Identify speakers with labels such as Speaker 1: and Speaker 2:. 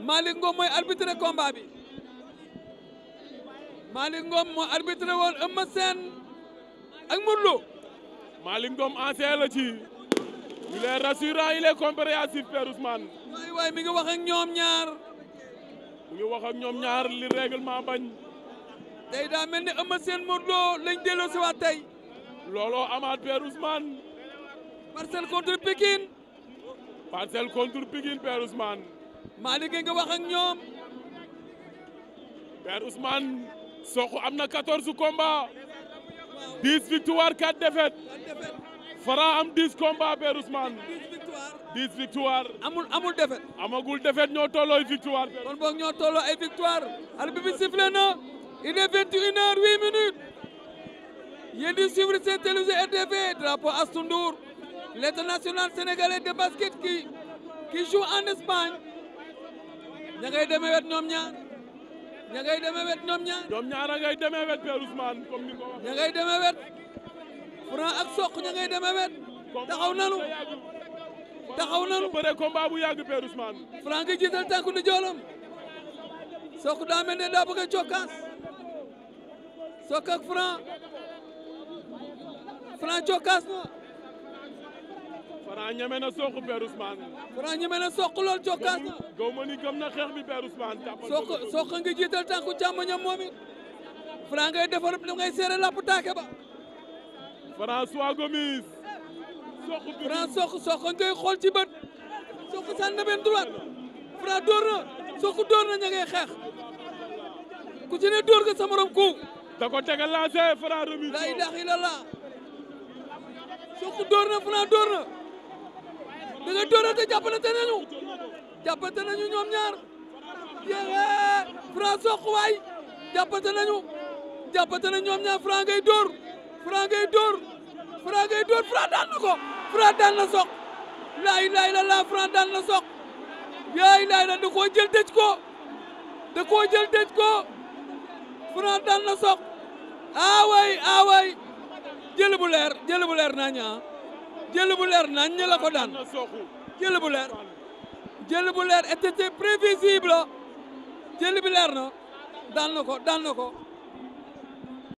Speaker 1: Malick Ngom mooy arbitre combat bi Malick Ngom moo arbitre woon Eumeu Sène ak Modou Lo Malick Ngom ancien la ci il est rassurant il est compréhensif Père Ousmane waay mi ngi wax ak ñoom ñaar mu ngi wax ñoom ñaar li règlement bañ tey daa mel ne Eumeu Sène Modou Lo lañ delloo tey loolo amaat Père Ousmane parcelle contre Pikine parcelle contre Pikine Père Ousmane Malick wax ak Ousmane 14 combats 10 victoires 4 défaites am 10 combats Père Ousmane 10 victoires. amul amul amagul victoire. il est 21 h 8 minutes Il suivre télévision drapeau l'international sénégalais de basket qui joue en Espagne. ña ngay demee wet ñoom ñaar ña ngay wet ñoom ñaar ñoom ñaar a ngay demee wet Père Ousmane comme ni ngay demee wet Franc ak Sokh ña ngay demee wet taxaw nanu taxaw nanu bëre combat bu yàgg Père Ousmane Franc ngi jiital tànku di joolam Sokh daa mel ne ak Franc Franc cokkaas na Franc ñeme na soq Père Ousmane. Franc ñeme na soq lool cokkaas na. gaw ni gëm na xeex bi Père Ousmane. soq soq nga jiital tànku càmmoñam moom it. Franc ngay defar ngay seere lapp taake ba. François Gomis. soq bi Franc soq soq xool ci bët. soq sànni na benn droite. Franc na soq door na ña xeex. ku ci ne door nga sa ku. da ko tege lancé Franc remise. la ilaha illallah. na Franc door na. da ngay doonante jàppalante nañu jàppalante nañu ñoom ñaar yéen Franc soq waay jàppalante nañu jàppalante nañu ñoom ñaar Franc ngay dóor Franc ngay dóor Franc ngay dóor Franc daan na ko daan na soq laay laay la laa Franc daan na soq yaay laay la da koo jël dëj ko da koo jël dëj ko Franc daan na soq aaway aaway jël bu leer jël naa ñaa jël bu leer nañ ñu la ko daan jël bu leer jël bu leer était prévisible jël bi leer na daan na ko daan na ko